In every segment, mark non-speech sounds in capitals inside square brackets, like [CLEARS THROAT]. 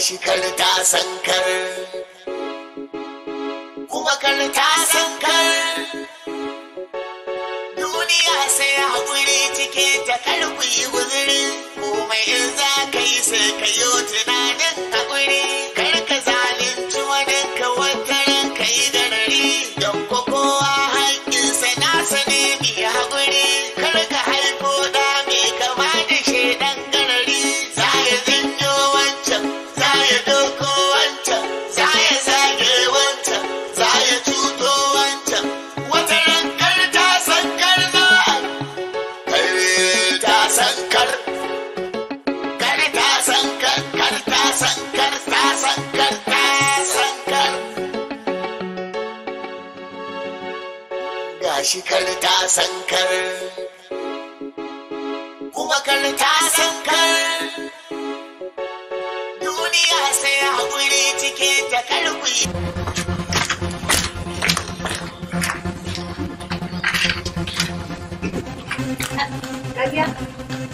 gashi kar ta sankar kuma kar ta sankar duniya sai haƙuri cike ta kar guzuri komai in za ka yi sai ka yi tunanin haƙuri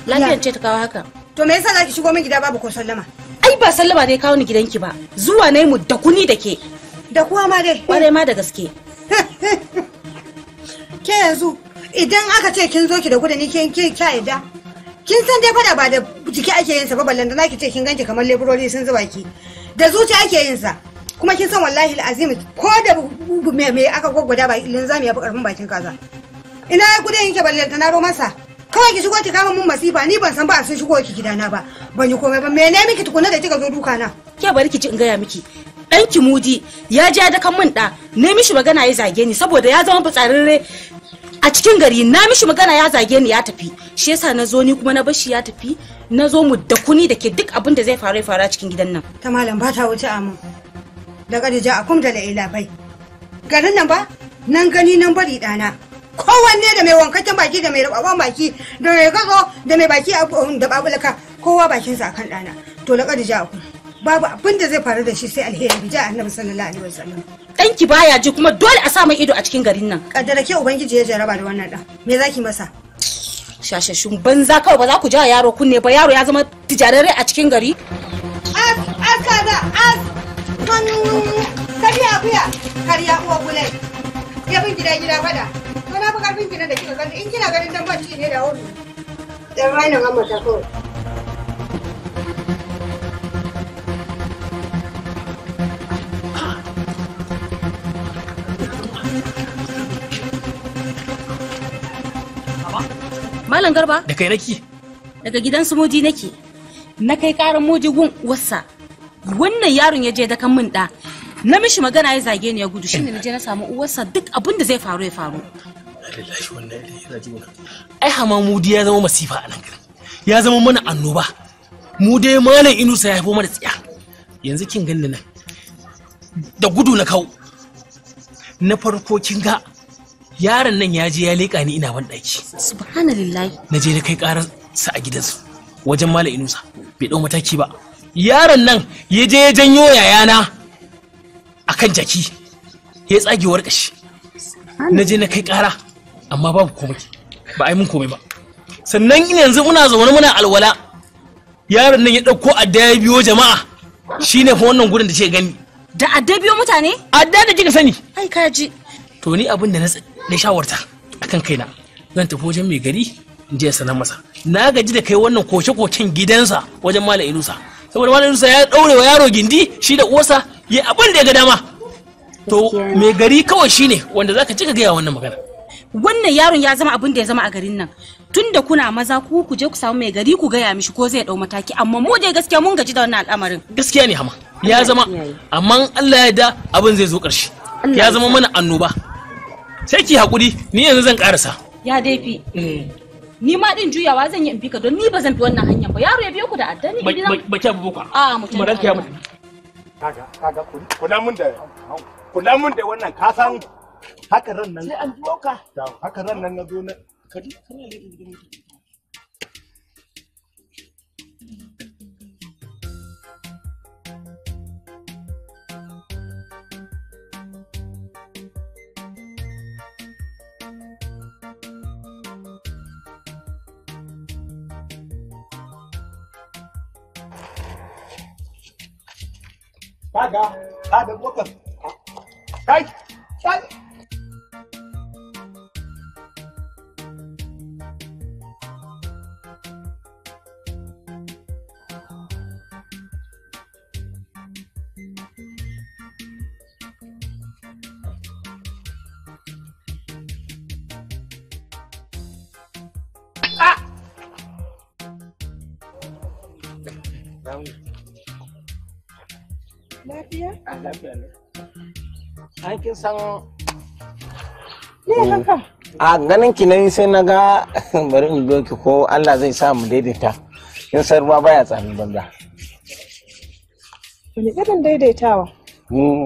Lafiyar ce ta kawo haka. To me yasa zaki shigo min gida babu ko sallama? Ai ba sallama dai kawo ni gidanki ba. Zuwa nayi mu da kuni da ke. Da kuwa ma dai. Kwarai ma da gaske. [LAUGHS] Ke yanzu idan aka ce kin zo ki da gudani kin ki kya yadda. Kin san dai fada ba da jiki ake yin sa ba ballan da naki ce kin ganki kamar leburori sun zuba ki. Da zuciya ake yin sa. kuma kin san wallahi al'azim ko da me aka gwaggwada ba linzami ya fi karfin bakin kaza ina gudan yake ballanta na romansa kawai ki shigo ki kama mun masifa ni ban san ba sun shigo ki gidana ba ban yi komai ba me ne miki tukuna da kika zo duka na ke bari ki ji in gaya miki dan ki mudi ya ja da kan mun da ne mishi magana ya zage ni saboda ya zama fitsarirre a cikin gari na mishi magana ya zage ni ya tafi shi yasa na zo ni kuma na bashi ya tafi na zo mu da kuni da ke duk abin da zai faru ya faru a cikin gidan nan ta malam ba ta wuce mun. da kadija a kum da la'ila bai garin nan ba nan gani nan bari dana kowanne da mai wankakken baki da mai rababban baki da mai gago da mai baki da babulaka kowa bakinsa kan ɗana to da ja ku babu abin da zai faru da shi sai alheri bi ja annabi sallallahu alaihi wasallam danki baya ji kuma dole a sa mai ido a cikin garin nan kaddara ke ubangiji ya jaraba da wannan dan me zaki masa shashashun banza kawai ba za ku ja yaro kunne ba yaro ya zama tijararre a cikin gari as as kaza as kariya kuya kariya uwa kulai ya bin gida gida fada na fi karfin ki da kika gani in kina ganin dan ci ne da wuri dan raina mamma ta kawai Malam Garba? Da kai nake. Daga gidan su moji nake. Na kai karan moji gun wasa. Wannan yaron ya je da kan min da. Na mishi magana ya zage ni ya gudu shine na je na samu uwarsa duk abin da zai faru ya faru. lillahi wannan ina ji ai ya zama masifa a nan garin ya zama mana annoba mu dai malam inusa ya haifo mana tsiya yanzu kin ganni nan da gudu na kawo na farko kin ga yaron nan ya je ya leƙa ni ina ban subhanallahi na je na kai ƙarar sa a gidansu wajen malam inusa bai ɗau mataki ba yaron nan ya je ya janyo yayana akan jaki ya tsagewar ƙashi na je na kai ƙara amma babu komai ba ai mun komai ba sannan ina yanzu muna zaune muna alwala yaron nan ya dauko adda ya biyo jama'a shine fa wannan gurin da ke gani da adda biyo mutane adda da kika sani ai ka ji to ni abin da na shawarta akan kaina zan tafi wajen mai gari in je sanar masa na gaji da kai wannan koke-koken gidansa wajen malam inusa saboda malam inusa ya daure wa yaro gindi shi da uwarsa ya abin da ya ga dama to mai gari kawai shine wanda zaka cika gaya wannan magana wannan yaron ya zama abin da ya zama a garin nan tun da kuna maza ku ku je ku samu mai gari ku gaya mishi ko zai dau mataki amma mu dai gaskiya mun gaji da wannan al'amarin gaskiya ne hama ya zama amma Allah ya da abin zai zo karshe ya zama mana annoba sai ki hakuri ni yanzu zan karasa ya dai fi eh. ni ma din juyawa zan yi in fika don ni ba zan bi wannan hanyar ba yaro ya biyo ku da addani ba ki abubuwa a mutum ba kaga kaga kula mun da kula mun da wannan kasan haka ran nan sai an biyo ka haka ran nan na zo na kaji kana leƙin gidan mutum Kaga, kaga, kai, san oh. a ganin ki nan sai na ga [LAUGHS] bari in doki ko Allah zai sa mu daidaita in sai ruwa baya tsami banza wani irin daidaitawa hmm.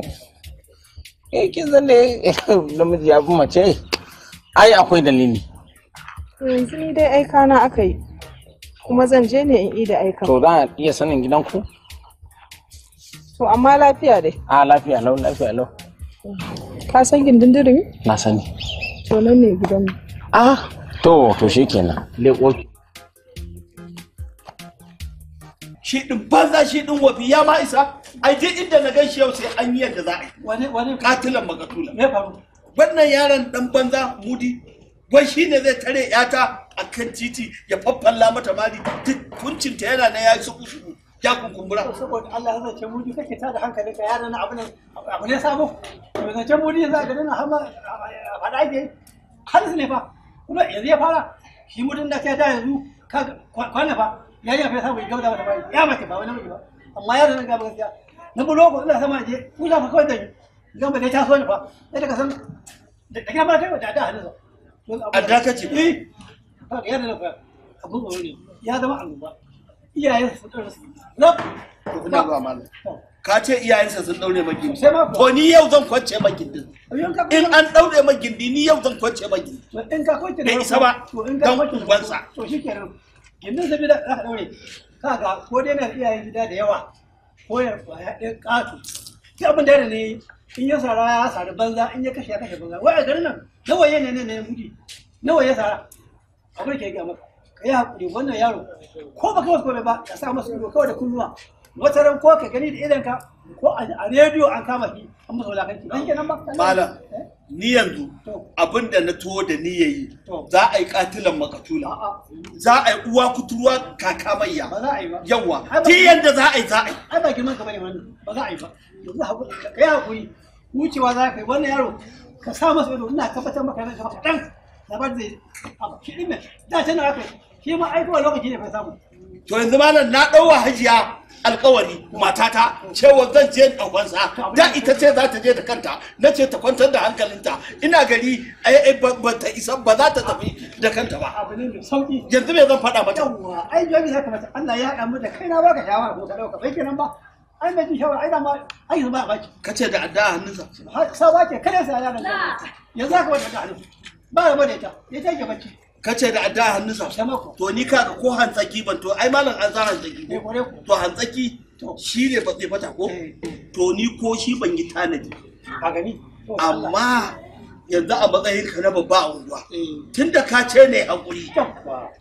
eh kin san da [LAUGHS] namiji ya fi mace ai akwai dalili yanzu ni dai aika na aka yi kuma zan je ne in ida aika to za a iya sanin gidanku to amma lafiya dai a lafiya lau lafiya lau mm. Ka san gindin dirin? Na sani. To nan ne gidan mu. Ah, to to shikenan. Leko. Shi din banza shi din wafi ya ma isa. Ai je inda na gan shi yau sai an yi yadda za a yi. Wani wane katilan makatula. Me faru? Wannan yaron dan banza mudi wai shi ne zai tare yata a kan titi ya faffalla mata mali duk kuncinta yana na ya yi su ya kunkumbura saboda Allah ya zace mudi kake ka yaran abu ne abu ne sabo zace mudi za ka hama a halis ne fa kuma yanzu ya fara shi mudin da ke da yanzu ka kwana fa ya yi gauda wata ya mace ba wani ba amma gaba gaskiya na ina sama je kawai da gamba ne fa daga san da kai da eh fa ne ya zama annoba iyayensa sun daure su ina ka ce iyayensa sun daure ma gindi Ko ni yau zan kwance ma gindin in an daure ma gindi ni yau zan kwance ma gindi in ka kwance da isa ba dan ubansa to shikenan gindin sabi da ka daure kaga ko dai na iyayen gida da yawa ko ya ɗin ƙato Ki abin da ne in ya sara ya sari banza in ya kashe ya kashe banza wai a garin nan nawa ne ne ne muji nawa ya sara abin da ke gaya maka ka yi haƙuri wannan yaro ko ba kai wasu ba ka sa masa ido kawai da kunnuwa wata ran ko ka gani da idan ka ko a rediyo an kama shi an masa wulakanci dan kenan ba malam eh? ni yanzu abinda na to da ni yayi za a yi katilan makatula za a yi uwa kuturwa kaka mayya ba za a yi ba yawa ti yanda za a yi za a yi ai ba girman ka bane wannan ba za a yi ba yanzu haƙuri kai haƙuri wucewa za ka yi wannan yaro ka sa masa ido ina tabbatar maka yana gaba kaɗan labar da abu shi ɗin da tana aka yi shi ma lokaci ne fa samu to yanzu malam na ɗauwa hajiya alkawari matata cewa zan je ɗaukan sa da ita ce za ta je da kanta na ce ta kwantar da hankalinta ina gari ba ta isa ba za ta tafi da kanta ba yanzu me zan faɗa mata ai jami Allah ya haɗa mu da ba ka shawara ko ka bai kenan ba ai mai shawara ai ai yanzu ba baki da adda a hannunsa sa ya yanzu wata da hannu ba ba da ita ita kace da adda hannunsa to ni ga ko hantsaki ban to ai malam an zara eh, hantsaki to hantsaki shi ne ba zai fata ko eh, eh. to ni ko shi ban yi tanadi amma yanzu a matsayin ka na babba a unguwa tunda ka ce ne hakuri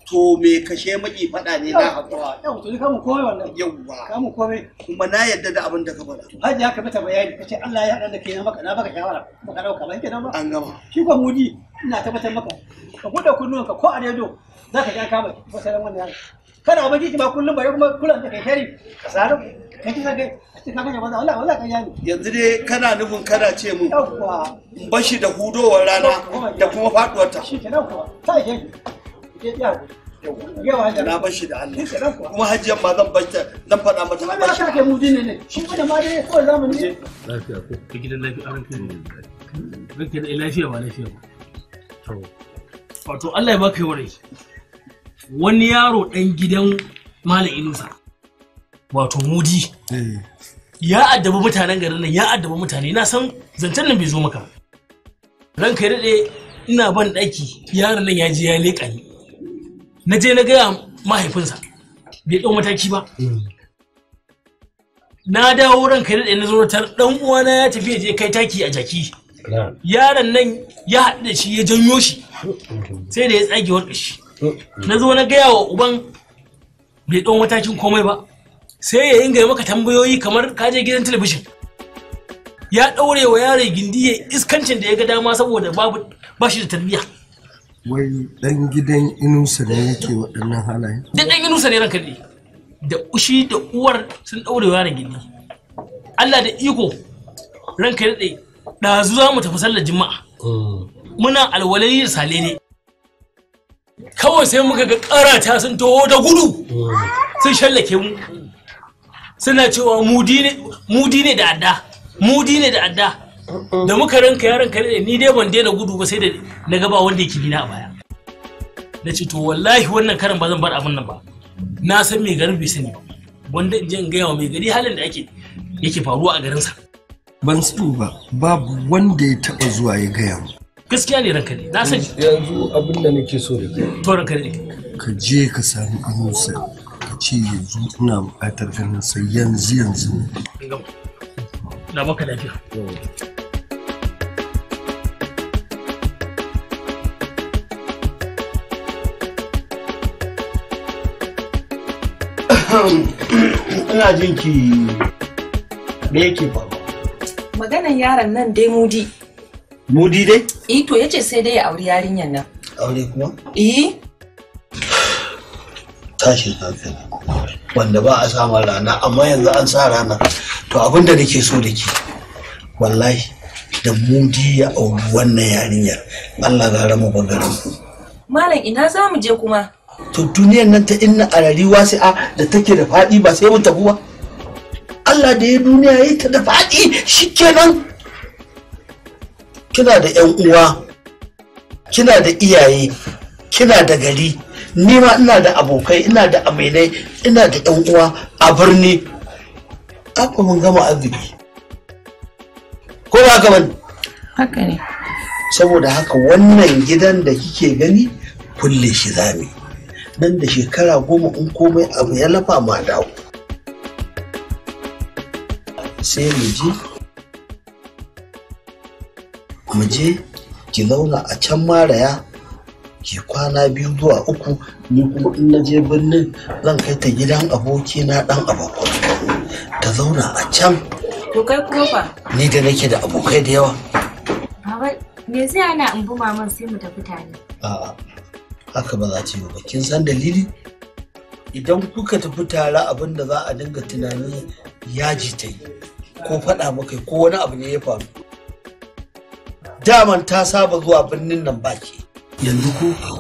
to me kashe maki fada ne na hakura yau to ni wannan yauwa kuma na yadda da abin da ka faɗa hajji ya mata bayani kace Allah ya hada da kai na maka na baka shawara ka dauka ba nan ba an gama shi ba mudi ina tabbatar maka ka buɗe kunnuwanka ko a rediyo za ka ja kama fasalan wannan yaro kana abin jiki ba kullum ba kuma kullum da kai shari ka sare kai kisa kai ka ga banza Allah Allah kan yani yanzu dai kana nufin kana ce mu bashi da hudowar rana da kuma faduwar ta nan kuwa sai ke ke ya na bashi da Allah kuma hajiyar ma zan bashi zan faɗa mata ba shi kai mudi ne ne shi kuma ma dai ko zamani lafiya ko gidan lafiya an kai lafiya ba lafiya ba wato Allah ya baka yawar wani yaro ɗan gidan Malam Inusa wato mudi eh. ya addabi mutanen garin nan ya addabi mutane na san zancen nan bai zo maka ranka ya daɗe ina ban ɗaki yaron nan ya je ya leƙa ni na je na gaya mahaifinsa bai ɗau mataki ba hmm. na dawo ranka ya daɗe na zo ɗan uwana ya tafi ya je kai taki a jaki yaron nan ya haɗu da shi ya janyo shi sai da ya tsage wa shi na zo na gaya wa uban bai ɗan matakin komai ba sai ya inga maka tambayoyi kamar kaje gidan talabishin ya ɗaure wa yaro gindi ya iskancin da ya ga dama saboda babu ba shi da tarbiyya wai dan gidan inusa ne yake waɗannan halaye? dan dan inusa ne ranka ne da ushi da uwar sun ɗaure wa yaron gindi Allah da iko ranka ya daɗe ɗazu za mu tafi sallar juma'a hmm. muna alwalai da sale ne kawai sai muka ga ta sun taho da gudu hmm. sun shallake mu suna cewa mudi ne da adda mudi ne da adda hmm. da muka ranka yaran kare ni dai ban daina gudu ba sai da na gaba wanda yake bina a baya na ce to wallahi wannan karin ba zan bar abin nan ba na san mai garin bai sani ba wanda in je in gaya wa mai gari halin da ake yake faruwa a garinsa ban sani ba babu wanda ya taba zuwa ya gaya mu gaskiya ne ranka ne na san yanzu abin da nake so da kai to ranka ne ka je ka sami amsa ka ce yanzu ina buƙatar ganin sai yanzu yanzu na baka lafiya ina jinki me yake faruwa maganan yaron nan dai mudi mudi dai eh to yace sai dai ya auri yarinyar nan aure kuma eh tashin hankali wanda ba a samun rana amma yanzu an sa rana to abin da nake so da ke wallahi da mudi ya auri wannan yarinyar allah gara mu bangaren malam ina za mu je kuma to duniyar nan ta inna a rariwa sai a da take da faɗi ba sai mun tafi ba Allah da ya duniya ya ta da faɗi shi kenan kina da ƴan uwa kina da iyaye kina da gari Nima ina da abokai ina da aminai ina da ƴan uwa a birni haka mun gama arziki ko ba haka bane haka ne saboda haka wannan gidan da kike gani kulle shi zami nan da shekara goma in komai abu ya lafa ma dawo sai mu je mu je ki zauna a can maraya ke kwana biyu zuwa uku ni kuma in na je birnin zan kai ta gidan abokina dan abako ta zauna a can to kai kuma fa ni da nake da abokai da yawa baba me zai ana in bi maman sai mu tafi tare a'a haka ba za ta yi ba kin san dalili idan kuka tafi tare abin da za a dinga tunani yaji ta yi ko faɗa maka ko wani abu ne ya faru daman ta saba zuwa birnin nan baki yanzu ko to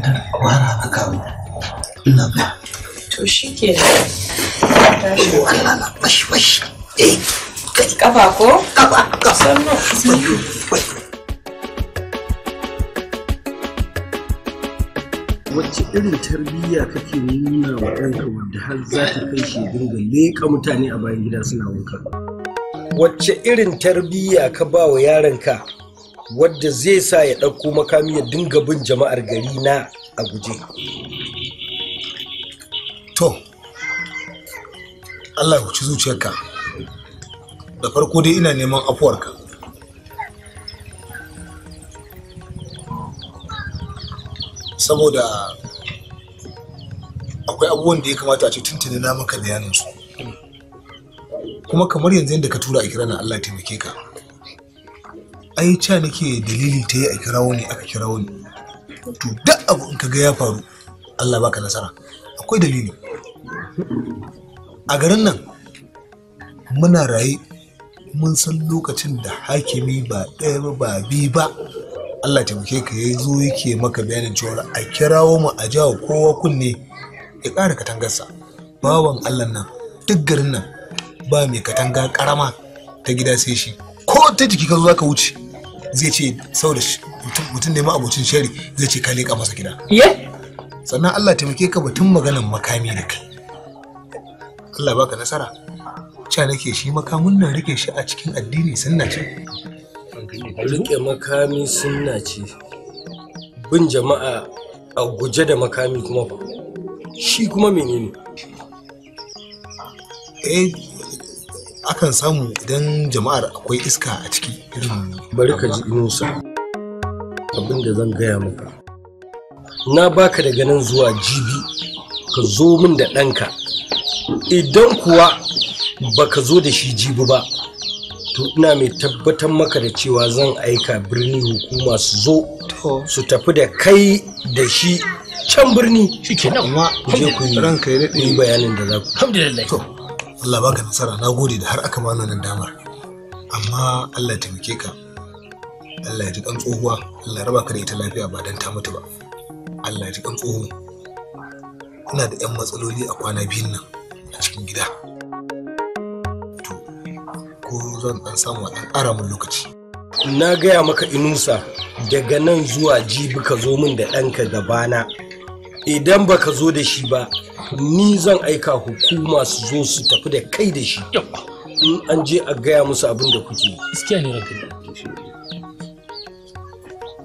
tana kwara a kawo ina ba to shi ke tashi Allah na bashi bashi eh kafa ko kafa kafa sannu wacce irin tarbiyya kake nuna wa ɗanka wanda har za ta kai shi dinga leƙa mutane a bayan gida suna wanka wacce irin tarbiyya ka ba wa yaranka, wadda zai sa ya ɗauko makami ya dinga bin jama'ar gari na a guje to allah ya wuce zuciyarka da farko dai ina neman afuwarka saboda akwai abubuwan da ya kamata a ce tuntuni na maka bayanin su kuma kamar yanzu yadda ka tura a kira na Allah taimake ka ai ca nake dalili ta yi a kirawo ne aka kirawo ne to duk abu in ka ga ya faru Allah baka nasara akwai dalili a garin nan muna raye mun san lokacin da hakimi ba ɗaya ba ba biyu ba Allah taimake ka ya zo yake maka bayanin cewa a kirawo mu a jawo kowa kunne ya ƙara katangarsa bawan Allah nan duk garin nan ba mai katanga karama ta gida sai shi ko ta jiki ka zo ka wuce zai ce saboda mutum ne ma abocin shari zai ce ka leƙa masa gida sannan Allah taimake ka batun maganan makami da kai Allah baka nasara ca nake shi makamun nan rike shi a cikin addini sunna ce rike makami sunna ce bin jama'a a guje da makami kuma ba shi kuma menene eh akan samu idan jama'ar akwai iska a ciki irin bari ka ji inusa abin da zan gaya maka na baka daga nan zuwa jibi ka zo min da ɗanka idan kuwa baka zo da shi jibi ba to ina mai tabbatar maka da cewa zan aika birni hukuma su zo su tafi da kai da shi can birni shikenan amma ku je ku yi ranka ya daɗe bayanin da za ku alhamdulillah Allah baka nasara na gode da har aka mana nan damar amma Allah ya taimake ka Allah ya ji kan tsohuwa Allah ya raba ka da ita lafiya ba dan ta mutu ba Allah ya ji kan tsoho ina da yan matsaloli a kwana biyun nan a cikin gida to ko zan dan samu dan ƙara lokaci na gaya maka inusa daga nan zuwa jibi ka zo min da ɗanka gabana idan ba ka zo da shi ba ni zan aika hukuma su zo su tafi da kai da shi in an je a gaya musu abin da kuke iskiya ne ranka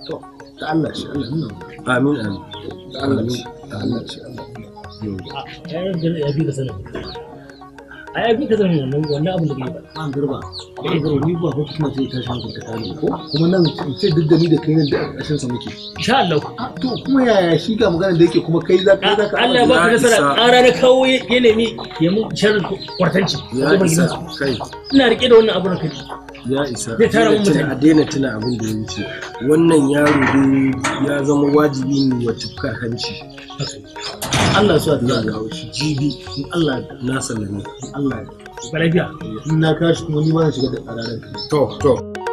to ta Allah shi Allah amin amin ta Allah shi Allah ya yarda ya bi da sanin a ya bi ka zama wannan wannan abin da bai ba an garba an garba ni ba ko kuma sai ta hankali ta kare ko kuma nan ce duk da ni da kai nan da ƙarshen sa muke insha Allah to kuma yaya shi ga magana da yake kuma kai za ka za ka Allah ba ka nasara ƙara na kawo ya nemi ya mu sharri kwartanci ya isa kai ina riƙe da wannan abin da kai ya isa a daina tuna abin da ya wuce wannan yaro dai ya zama wajibi ne wa tufkar hanci Allah suwa da zan kawo shi jibi in Allah na in Allah ya lafiya in na kashi kuma ni ba na shiga da tsararin to to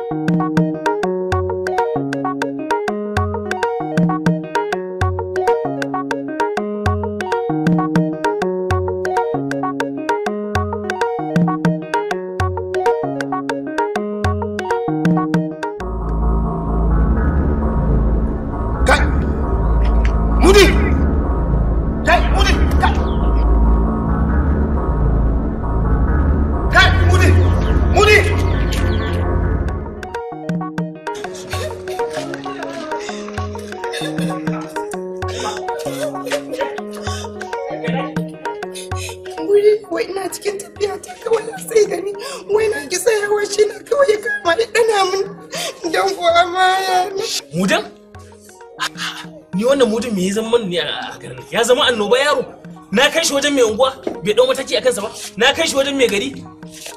unguwa bai dau mataki akan sa ba na kai shi wajen mai gari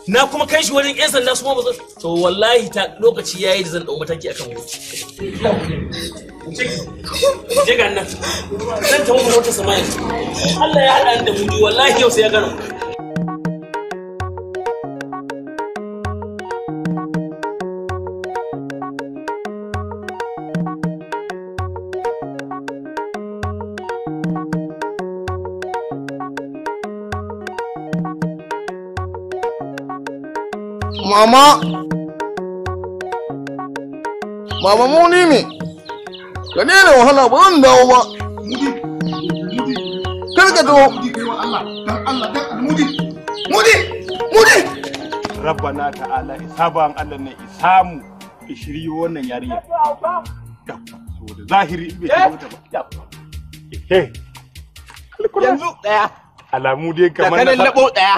na kuma kai shi wajen yan sanda su ma bazan to wallahi ta lokaci yayi da zan dau mataki akan wani je ga nan zan tawo mu wata yanzu Allah ya hada da mu wallahi yau sai ya gano Mama! Mama muni me? Ka daina wahala ba zan dawo ba. Kar ka zo. Mudi! Mudi! Mudi! Rabbana ta'ala isaban Allah ne isamu ishiri wannan yarinya. So da zahiri bai ta ba. Ehe. Yanzu daya. Alamu dai kamar na. Eh. Da kalallabo daya.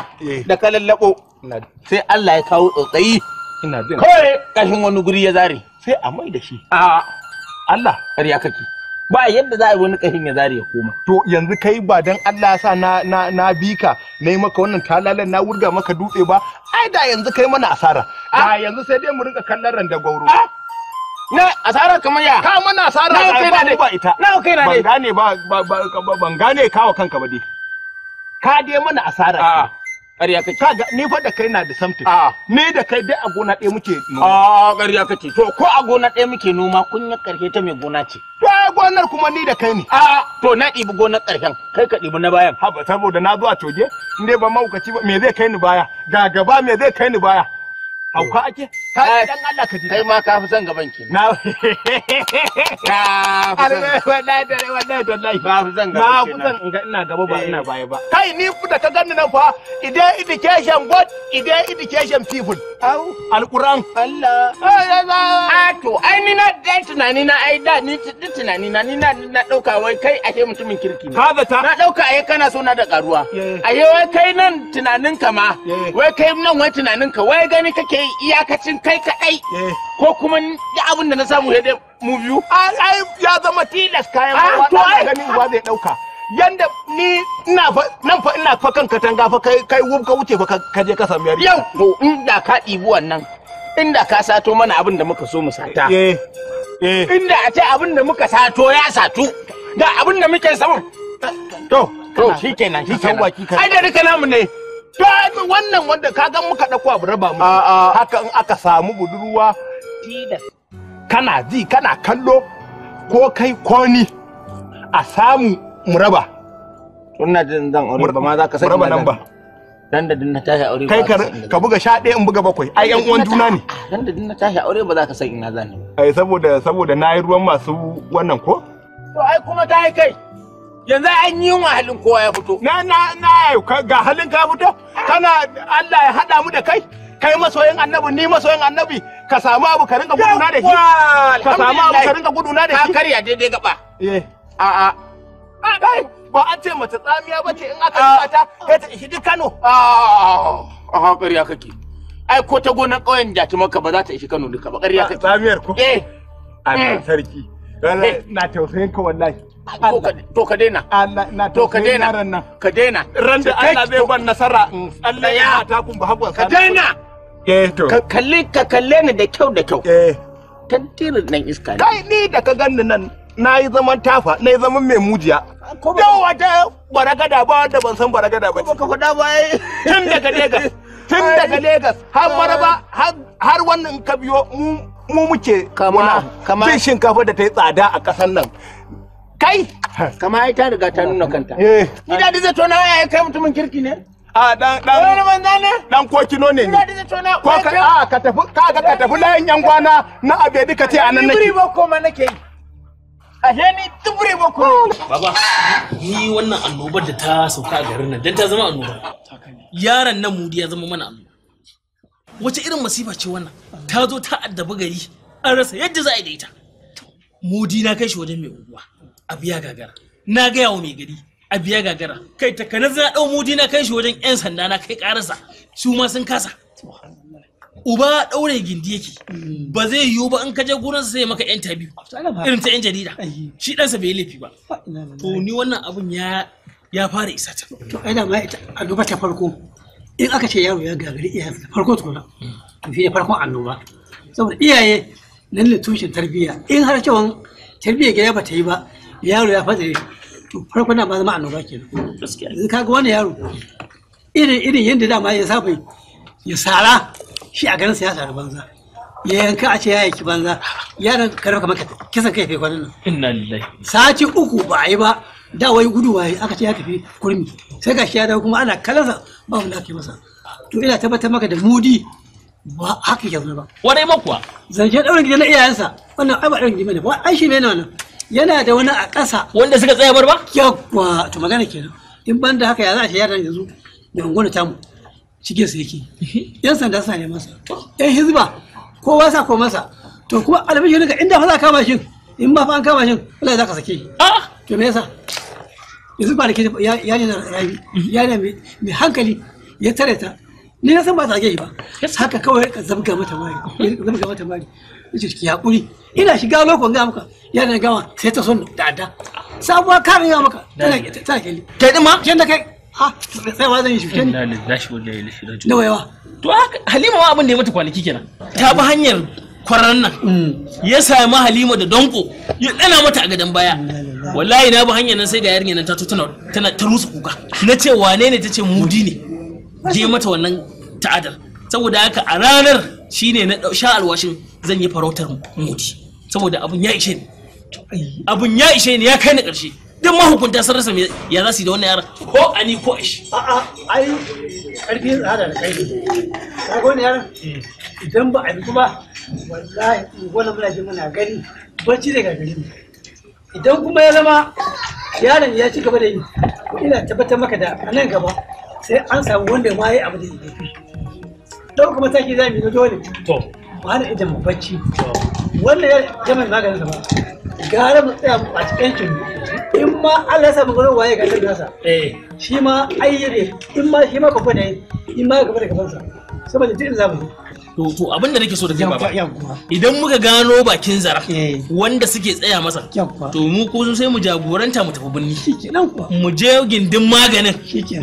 Da kalallabo. lallabo. sai Allah ya kawo tsotsayi ina jin kawai kashin wani guri ya zare sai a mai da shi a Allah ya kake ba yadda za a yi wani kashin ya zare ya koma to yanzu kai ba dan Allah ya sa na na na bika na yi maka wannan talalan na wurga maka dutse ba ai da yanzu kai mana asara a yanzu sai dai mu rinka kallon randa gauro na asara kamar ya ka mana asara na kai na ba ita na kai na ne ban gane ba ban gane kawo kanka ba dai ka dai mana asara ƙarya kake kaga ni fa da kai na da something ah. ni da kai dai a gona ɗaya muke a ah, ƙarya kake to ko a gona ɗaya muke noma kunya ƙarshe ta mai gona ce to ai gonar kuma ni da kai ne a ah, to na ɗibi gonar ƙarshen kai ka ɗibi na bayan haba saboda na zo a coge in dai ba maukaci ba me zai kai ni baya ga gaba me zai kai ni baya hauka ake dan Allah ka ji kai ma ka fi son gaban ki na fi son. wallahi wallahi ba fi son gaban ki na kusan ina gaba ba ina baya ba eh. kai ni da ka ganni nan fa idan education god idan education people au alquran Allah eh, a to ai ni na dai tunani na ai da ni tunani na ni na na dauka wai kai ashe mutumin kirki ne kaza ta na dauka ai kana so na da karuwa eh. ai wai kai nan tunanin ka ma wai kai nan wai tunanin ka wai gani kake iyakacin kai kaɗai eh. ko kuma da abin da na samu ya mu biyu. Ai ya zama tilas kayan ba ah, ɗan ganin uwa zai ɗauka. Yanda ni ina fa nan fa ina fa kan katanga fa kai kai wuf ka wuce fa ka je ka samu yari. Yau to in da ka ɗibi wannan inda ka sato mana abin da muka so mu sata. Eh, eh. Inda a ce abin da muka sato ya satu da abin da muke samu. To to shikenan shikenan. Ai da duka namu ne. wannan wanda ka gan muka dauko abu raba mu haka in aka samu budurwa kana ji kana kallo ko kai ko ni a samu mu raba ina jin zan aure ba ma za ka sani raba nan ba dan da dinna tashi aure ba kai ka Ka buga sha ɗaya in buga bakwai ai yan uwan juna ne dan da dinna tashi aure ba za ka san ina zan ai saboda saboda nayi ruwan masu wannan ko to ai kuma ta kai yanzu an yi wa halin kowa ya fito na na na ga halin ka fito kana Allah ya hada mu da kai kai masoyin annabi ni masoyin annabi ka samu abu ka rinka guduna da shi ka samu abu ka rinka guduna da shi ka karya daidai gaba eh a a ah, kai ba an ce mace tsamiya bace in aka yi ah. ta kai ta ishi Kano a ah, a karya kake ai ko ta gonar ƙauyen jaki maka ba za ta ishi Kano duka ba karya kake tsamiyar ko eh a eh. sarki eh. na tausayin ka wallahi to ka daina to ka daina ka daina ran da Allah zai ban nasara Allah ya kun ba ka daina eh, ka kalle ka kalle ni da kyau da kyau eh. nan iska ne kai ni da ka nan na yi zaman tafa na yi zaman mai mujiya ah, yau wata baragada ba da ban san baragada ba ka faɗa ba [LAUGHS] tun daga Legas tun daga Legas har ah. maraba har wannan ka biyo mu muke kama kama shinkafa da ta yi tsada a ƙasar nan kai kama ai ta riga ta nuna kanta eh. ni da dize to na waya kai mutumin kirki ne a dan dan wani manza ne dan kokino ne ne. ko ka a ka tafi ka ga ka tafi layin yan gwana na abe duka ce anan nake ni ba ko ma nake ashe ni tubure ba ko baba ni wannan annobar da ta sauka a garin nan dan ta zama annoba yaran nan mudi ya zama mana annoba wace irin masifa ce wannan ta zo ta addabi gari an rasa yadda za a yi da ita mudi na kai shi wajen mai unguwa a biya gagara na gaya wa mai gari a biya gagara kai ta kana za dau mudi na kai shi wajen yan sanda na kai karasa su ma sun kasa uba daure gindi yake ba zai yiwu ba in ka je gurin sai maka yan tabiu irin ta yan jarida shi ɗansa bai laifi ba to ni wannan abun ya ya fara isa ta to ai da ma a duba ta farko in aka ce yaro ya gagari iyayensa farko tukuna to shi ne farkon annoba saboda iyaye nan tushen tarbiyya in har cewa tarbiyya gida ba ta yi ba yaro ya faɗi to farko na ba zama annoba kenan yanzu kaga wani yaro irin irin yadda dama ya saba ya sara shi a ganin sa ya sara banza ya yanka a ce ya yaki banza yaran karfa kamar kisan kai fai kwanan nan inna lillahi sati uku ba yi ba da wai gudu waye aka ce ya tafi kurmi sai ga shi ya dawo kuma ana kalansa ba wanda ake masa to ina tabbatar maka da mudi ba haka ya zama ba wani makuwa zance daurin gida na iyayensa wannan ai ba daurin gidan ne ba ai shi ne wannan yana da wani a ƙasa wanda suka tsaya barba yawa to magana kenan in banda haka ya za a shayar da yanzu da ungwana tamu Cikin su yake yan sanda sa ne masa yan hizba ko sa ko masa to kuma albishi ka inda fa za kama shi in ba fa an kama shi wala za ka sake to me yasa yanzu ba da ke ya ne rabi ya ne mai hankali ya tare ta ni na san ba zage ba haka kawai ka zabga mata mari ya rika zabga mata mari yace ki hakuri ina shiga lokon ga maka yana gawa sai ta son da da sabuwa karin ya maka tana ta gali kai din ma kin da kai ha sai ma zan yi shuke na shi wa ilaihi shi da wa to halima ma abin da ya mata kwanaki kenan ta bi hanyar kwaran nan mm. ya sami halima da donko ya dana mata a gadon baya wallahi na bi hanyar nan sai ga yarinya nan ta tana ta rusa kuka na ce wane ne ta ce mudi ne je mata wannan ta'adar saboda haka a ranar shine na sha alwashin zan yi farautar moti saboda abun ya ishe ni abun ya ishe ni ya kai ni karshe duk mahukunta sun rasa ya za su yi da wannan yaran ko a ni ko a a'a ai karfi tsada da kai ka ga wannan yaran idan ba a bi kuma wallahi wannan muna ji muna gani bacci daga gari idan kuma ya zama yaron ya ci gaba da yi ina tabbatar maka da nan gaba sai an samu wanda ma ya abu da ya fi kuma mataki za mu yi dole to ba na idan mu bacci wannan ya jama'a maganin ba gara mu tsaya a cikin cin in ma Allah ya sa mu gurin waye ga kan nasa eh. shi ma ayyade in ma shi ma kafa ne in ma ya kafa da kafansa saboda duk za mu to to abin da nake so da kai baba idan muka gano bakin zara eh. wanda suke tsaya masa to mu ko sai mu jagoranta mu tafi binni mu je gindin maganin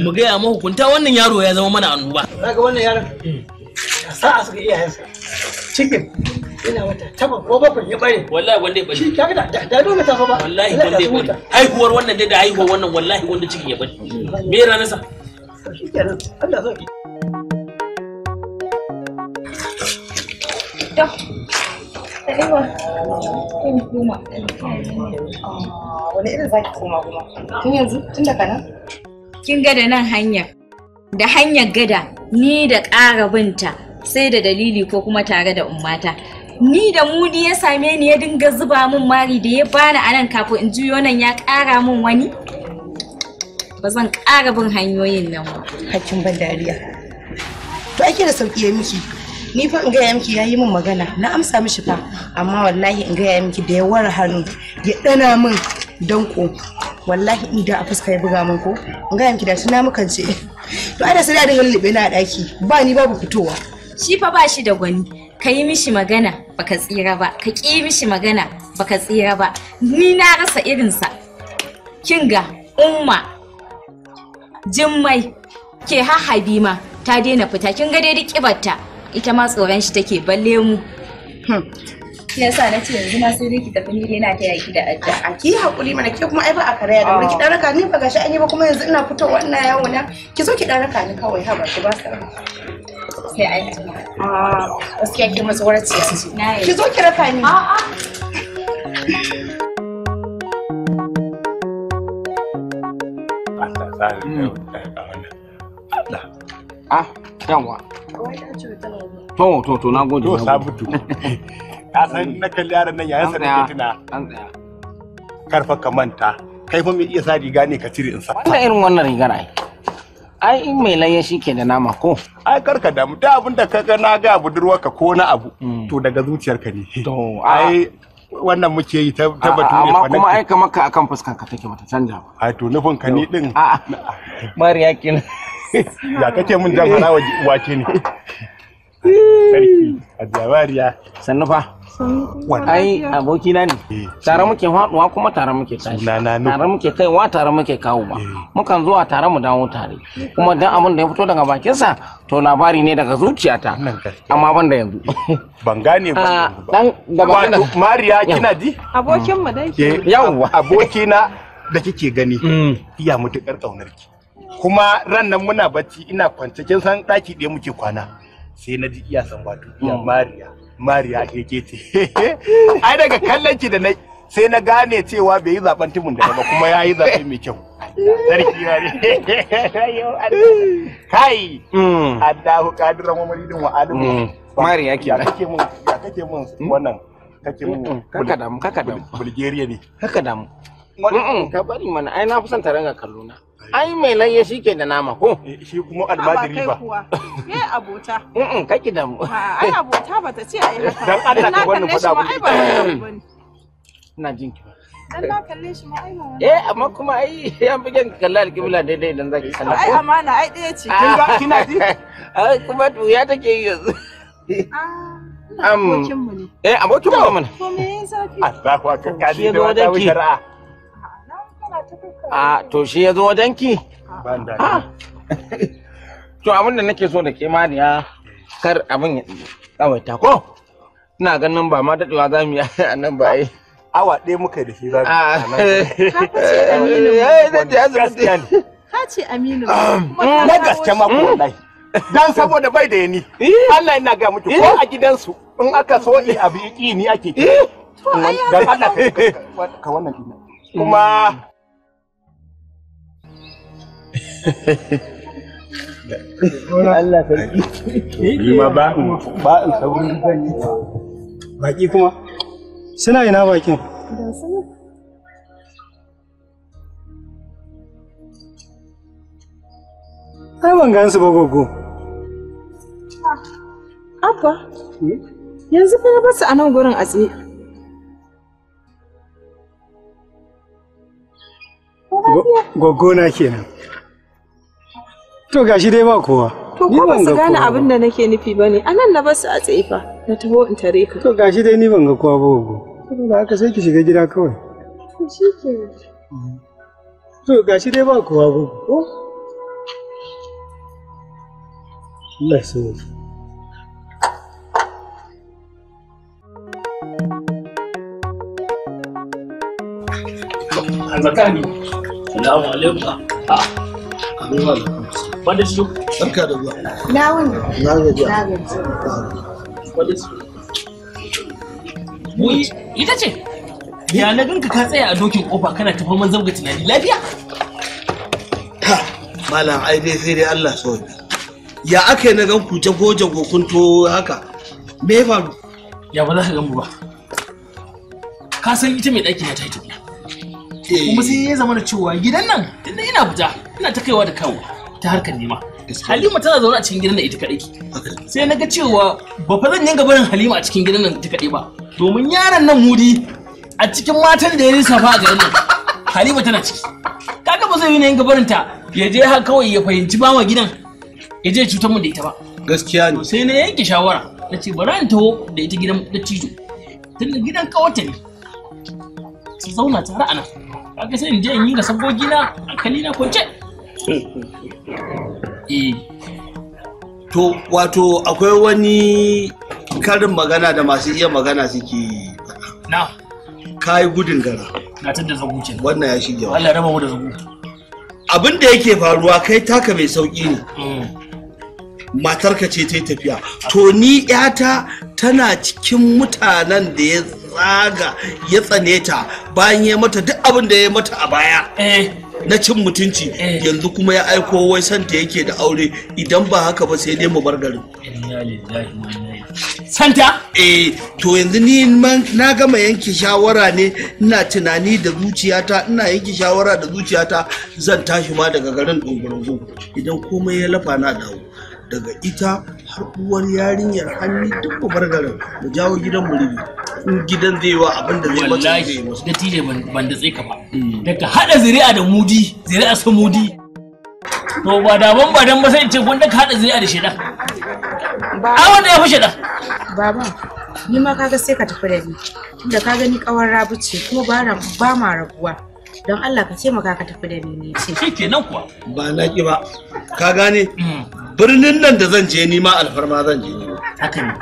mu ga ya mahukunta wannan yaro ya zama mana annoba kaga wannan yaron a suka iya hansa cikin ina wata taba ko bakwai ya bare wallahi wanda ya shi kaga da da dole ta fa ba wallahi wanda ya bare haihuwar wannan dai da haihuwar wannan wallahi wanda cikin ya bari me ranar sa shi kenan Allah zai Kin ga da nan hanya. Da hanyar gada ni da ƙara sai da dalili ko kuma tare da ummata. Ni da mudi ya same ni ya dinga zuba min mari da ya bani a nan kafin in juyo nan ya ƙara min wani. Ba zan ƙara bin hanyoyin nan ba. Hakkin ban dariya. To ake da sauƙi ya miki ni fa in gaya miki ya yi min magana na amsa mishi fa amma wallahi in gaya miki da ya wara hannu ya dana min danko wallahi in da a fuska ya buga min ko in gaya miki da tuna mukan ce to ana sai da dinga lulluɓe na a daki ba ni babu fitowa shi fa ba shi da gwani ka yi mishi magana baka tsira ba ka ƙi mishi magana baka tsira ba ni na rasa irinsa kinga umma jimmai ke ha habima ta daina fita kin ga dai kibarta ita ma tsoron shi take balle mu hmm. ya sa na ce yanzu ma sai dai ki tafi ni dai na ta yaki da adda a ah, ki hakuri mana ke kuma ai ba a karaya da wuri ki dan raka ni ba gashi an yi ba kuma yanzu ina fito wannan yawo na ki zo ki dan raka ni kawai ha ba ki ba sa sai ai a ah, gaskiya ki matsuwar ce ki zo ki raka ni a hmm. Ah, wa. to to to na gode to sabutu ka san na kalli yaran nan yayin sa nake tuna an tsaya karfa ka manta kai fa mai iya sa riga ne ka cire in sa wannan irin wannan rigar ai ai in mai laye shi ke da nama ko ai kar ka damu da abin da kaga na ga budurwa ka ko na abu mm. to daga zuciyarka ne to ai wannan muke yi ta batu ne amma kuma ai kamar ka akan fuskan ka take mata canja ba ai to nufin ka ni din [LAUGHS] mariya kenan [LAUGHS] ya kake mun jan harawa wake ne [LAUGHS] a jabariya sannu fa ai aboki na eh, ne tare muke haɗuwa kuma tare muke tashi tare muke kaiwa tare muke kawo ba eh. mukan zuwa tare mu dawo tare kuma dan abin da ya fito daga sa to labari ne daga zuciyata amma ban da yanzu [LAUGHS] ban gane ba ah, dan da ba mariya kina ji abokin mu dai yawa na da kike gani mm. iya mutukar kaunar ki kuma ran nan muna bacci ina kwance kin san daki ɗaya muke kwana sai na ji iya san wato iya mm. mariya mariya keke ce [LAUGHS] ai daga kallon ki da nai sai na gane cewa bai yi zaben timin da ba kuma ya yi zaɓe mai kyau sarki ya ne [LAUGHS] kai mm. Allahu qadiran wa maridin wa alimu mm. mariya ke ya kake mun ya kake mun wannan kake mun kaka damu kaka damu bulgaria ne kaka damu ka bari mana ai na fi son ta ranga kallo na ai mai laye shi ke da nama ko eh, shi kuma almajiri ba ke abota [LAUGHS] mm kake da mu ai abota ba ta ce ai haka dan Allah ka wannan fada ba [CLEARS THROAT] ina jin ki ba kalle shi ma ai ma eh amma kuma ai yan [LAUGHS] bugen kalla alkibla daidai dan zaki kalla ai amana ai daya ce kin ga kina ji [LAUGHS] ai kuma duya take yanzu ah, abokinmu ne eh abokinmu ne to me yasa ki a ba ku ka ji da wata shari'a a to shi ya zo wajen ki [LAUGHS] to abin da nake so da ke mariya kar abin ya tsawaita ko ina ganin ba ma daɗewa za mu yi [LAUGHS] a nan ba ai eh. awa ɗaya muka da shi za mu yi ah. ka ce aminu na gaske ma ko wallahi dan saboda bai da yani eh. Allah yana ga miki ko eh. a gidansu in aka so ni abi ni ake ki dan Allah ka wannan kuma hmm. Allah sarki. ma ba in ba in zan yi. Baki kuma suna ina bakin? Da suna. Ai ban gansu ba gogo. Ah, Abba. Hmm? Yanzu fa ba su a nan gurin a tsaye. Gogo na kenan. To gashi dai ba kowa. To ko ba su gane abin da nake nufi ba ne, nan na basu a tsaye fa, na taho in tare ka. To gashi dai ni ban ga kowa ba gogo. Saboda haka sai ki shiga gida kawai. To shi ke. To gashi dai ba kowa ba gogo. Allah ya sauke. Albarkani. Salamu alaikum. Ah. Amin wa alaikum. Wanda shi? Barka da zuwa. Na wani. Na gaji. Na gaji. Wanda shi? Wai ita ce? Ya na ganka ka tsaya a dokin kofa kana tafa man zabga tunani lafiya? Ha, malam ai dai sai dai Allah so. Ya aka yi na gan ku jago jago kunto haka? Me ya faru? Ya ba za ka gan mu ba. Ka san ita mai ɗaki na ta yi tafiya. Eh. Kuma sai ya zama da cewa gidan nan tunda ina fita ina ta kaiwa da kawo. ta harkar nema halima tana zaune a cikin gidan nan ita kadai sai na ga cewa ba fa zan yanga barin halima a cikin gidan nan ita kadai ba domin yaron nan mudi a cikin matan da ya fa a garin nan halima tana ciki kaga ba zai yi na yanga barin ta ya je ha kawai ya fahimci bawa gidan ya je cutar mu da ita ba gaskiya ne sai na yanke shawara na ce bari in taho da ita gidan da cijo tunda gidan kawata ne su zauna tare a nan kaga sai in je in yi ga sabogina na kalina na kwance E, to wato akwai wani karin magana da masu iya magana suke na kayi gudun gara na tun da zagu wannan ya shige Allah raba mu da zagu abin da yake faruwa kai taka mai sauki ne mm. matarka ce ta tafiya to ni yata tana cikin mutanen da ya tsaga ya tsane ta bayan ya mata duk abin da ya mata a baya eh na cin mutunci eh. yanzu kuma ya aiko wai santa yake da aure idan ba haka ba sai dai mu bar garin santa eh to yanzu ni na gama yanke shawara ne ina tunani da zuciyata ina yanke shawara da zuciyata zan tashi ma daga garin dungurungu idan komai ya lafa na dawo daga ita har uwar yarinyar hannu duk mu bar garin mu jawo gidan mu ribi gidan zai wa abin da zai mace zai musu dattijo ban da ka ba hmm. daga hada zuri'a da mudi zuri'a sun mudi to ba da ban ba dan ba sai ce gwanda ka hada zuri'a da shida. a wanda ya fi shedan baba ni ma kaga sai ka tafi da ni tunda ka gani kawar rabu ce kuma ba ma rabuwa don Allah ka ce ma ka tafi da ni ne ce nan kuwa ba na ki ba ka gane hmm. birnin nan da zan je ni ma alfarma zan je ni haka ne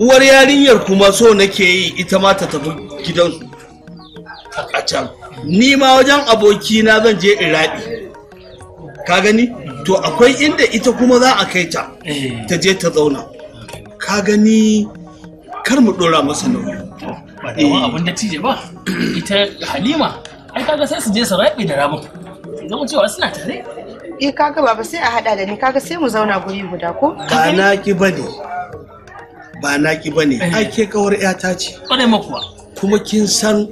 uwar yarinyar kuma so nake yi ita ma ta tafi gidan a can ni ma wajen abokina zan je iraki ka gani to akwai inda ita kuma za a kai ta eh. ta je ta zauna ka gani kar mu dora masa nauyi ba da eh. abin da tije ba ita halima ai kaga sai su je su rabe da ramu mu cewa suna tare eh kaga ba sai a hada da ni kaga sai mu zauna guri guda ko ba na ki bane ba naki ba ne. Eh. Ake kawar yata ce kuma kin san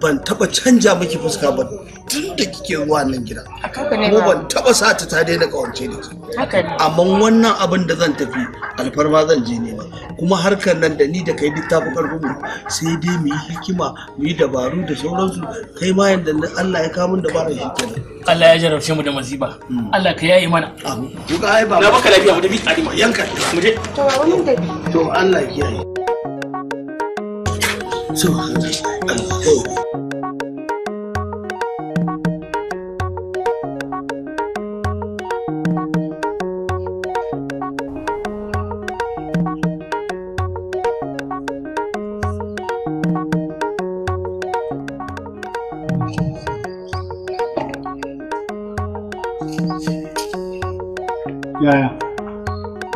ban taba canja miki fuska ba tun da kike ruwa nan gida ko ban taba sa ta ta daina kawance da ke amma wannan abin da zan tafi alfarma zan je nema kuma harkar nan da ni da kai duk tafi karfin mu sai dai mu yi hikima mu yi dabaru da sauransu kai ma yanda Allah ya kawo min dabarar shi kenan Allah ya jarabce mu da masiba hmm. Allah ka yayi mana amin duka ai ba na baka lafiya mu da tsari ma yanka mu je to ba wani da to Allah ya yi. so Allah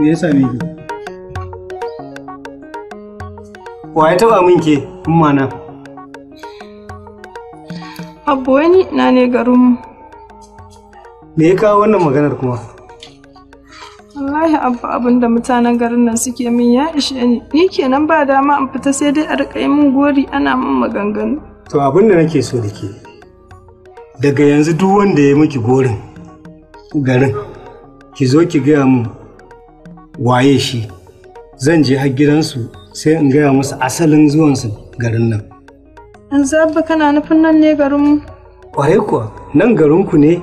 Me ya same ki? Wa ya taba min ke umma na? Abbo wani na ne garin mu. Me ya kawo wannan maganar kuma? Wallahi abu abin da mutanen garin nan suke min ya ishe ni. Ni kenan ba dama in fita sai dai a riƙa yi min gori ana min maganganu. To abin da nake so da ke. Daga yanzu duk wanda ya miki gorin garin ki zo ki gaya mu waye shi zan je har gidansu sai in gaya musu asalin zuwansu garin nan In abba kana nufin nan ne garinmu ƙwarai kuwa nan garinku ne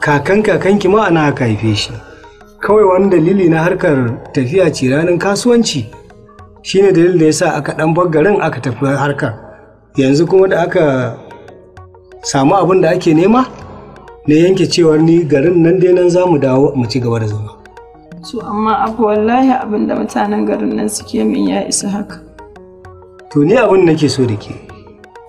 kakan kakanki ma ana haka haife shi kawai wani dalili na harkar tafiya ce ranar kasuwanci shine dalilin da yasa aka dan bar garin aka tafi harkar yanzu kuma da aka samu abin da ake nema ne yanke cewar ni garin nan dai nan za mu dawo mu ci gaba da zama So amma abu wallahi abin da mutanen garin nan suke min ya isa haka. To ni abin nake so da ke.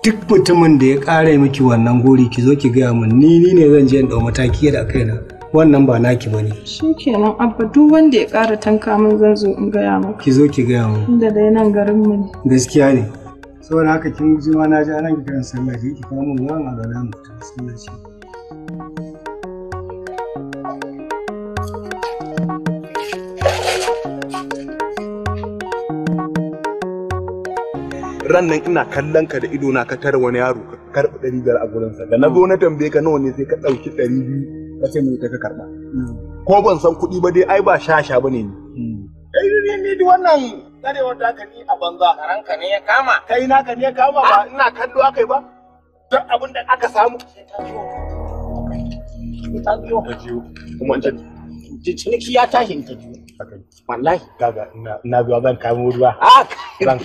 Duk mutumin da ya ƙara miki wannan gori ki zo ki gaya min ni ni ne zan je in ɗau mataki da kaina. Wannan ba naki bane. Shi kenan abba duk wanda ya ƙara tanka min zan zo in gaya maka. Ki zo ki gaya min. Inda dai nan garin mu ne. Gaskiya ne. Saboda haka kin ji ma na ji anan kiran sallah ki kawo min wani magana mu ta sallah ran nan ina kallon ka da ido na ka tara wani yaro ka karɓi ɗari biyar a gurinsa da na zo na tambaye ka nawa ne sai ka ɗauki ɗari biyu ka ce mai ka karɓa ko ban san kuɗi ba dai ai ba shasha ba ne ni. Ai ni da wannan tsarewar da ka ni a banza. ranka ne ya kama. Kai naka ne ya kama ba ah! ina kallo aka yi ba. Don abin da aka samu. Kuma ciniki ya tashi ta biyu. Wallahi. Kaga na biya zan mu ruwa. Haka. Ah! ban [LAUGHS] ta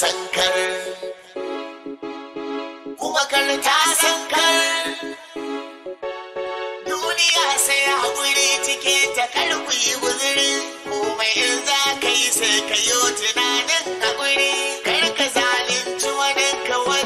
san kuma kar ta san kar duniya sai haƙuri cike ta kar ku yi komai in za ka yi sai ka yi tunanin haƙuri kar ka zalunci wani kawai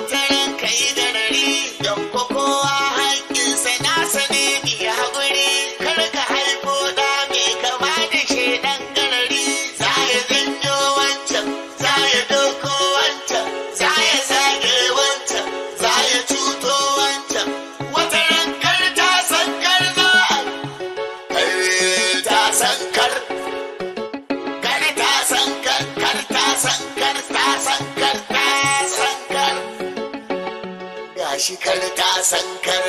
shi ta sankar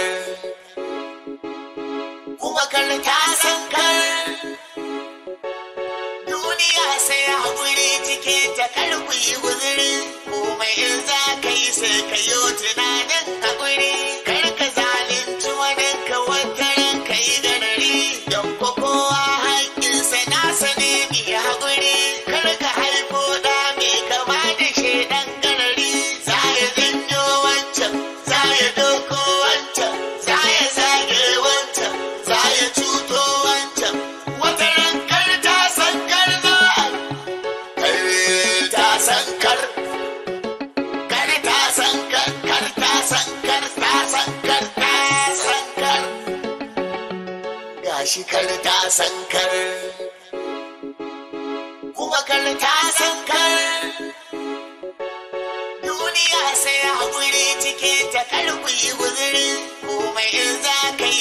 kuma kar ta sankar duniya sai haƙuri cike ta karku yi guzuri komai in za ka yi sai ka yi tunanin haƙuri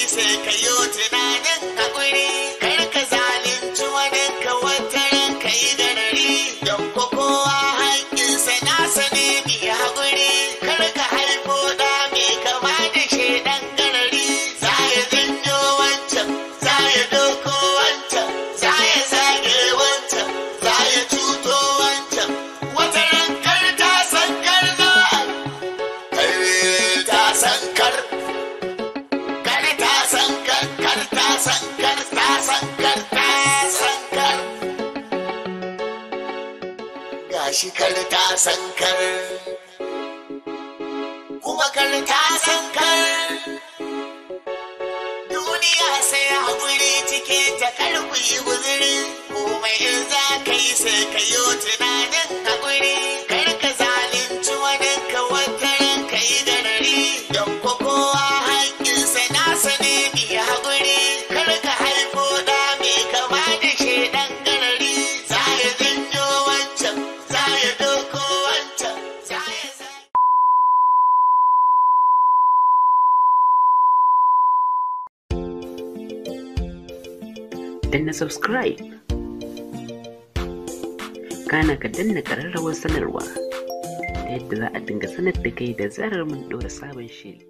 say coyote you tonight. da zarar mun ɗora sabon shiri.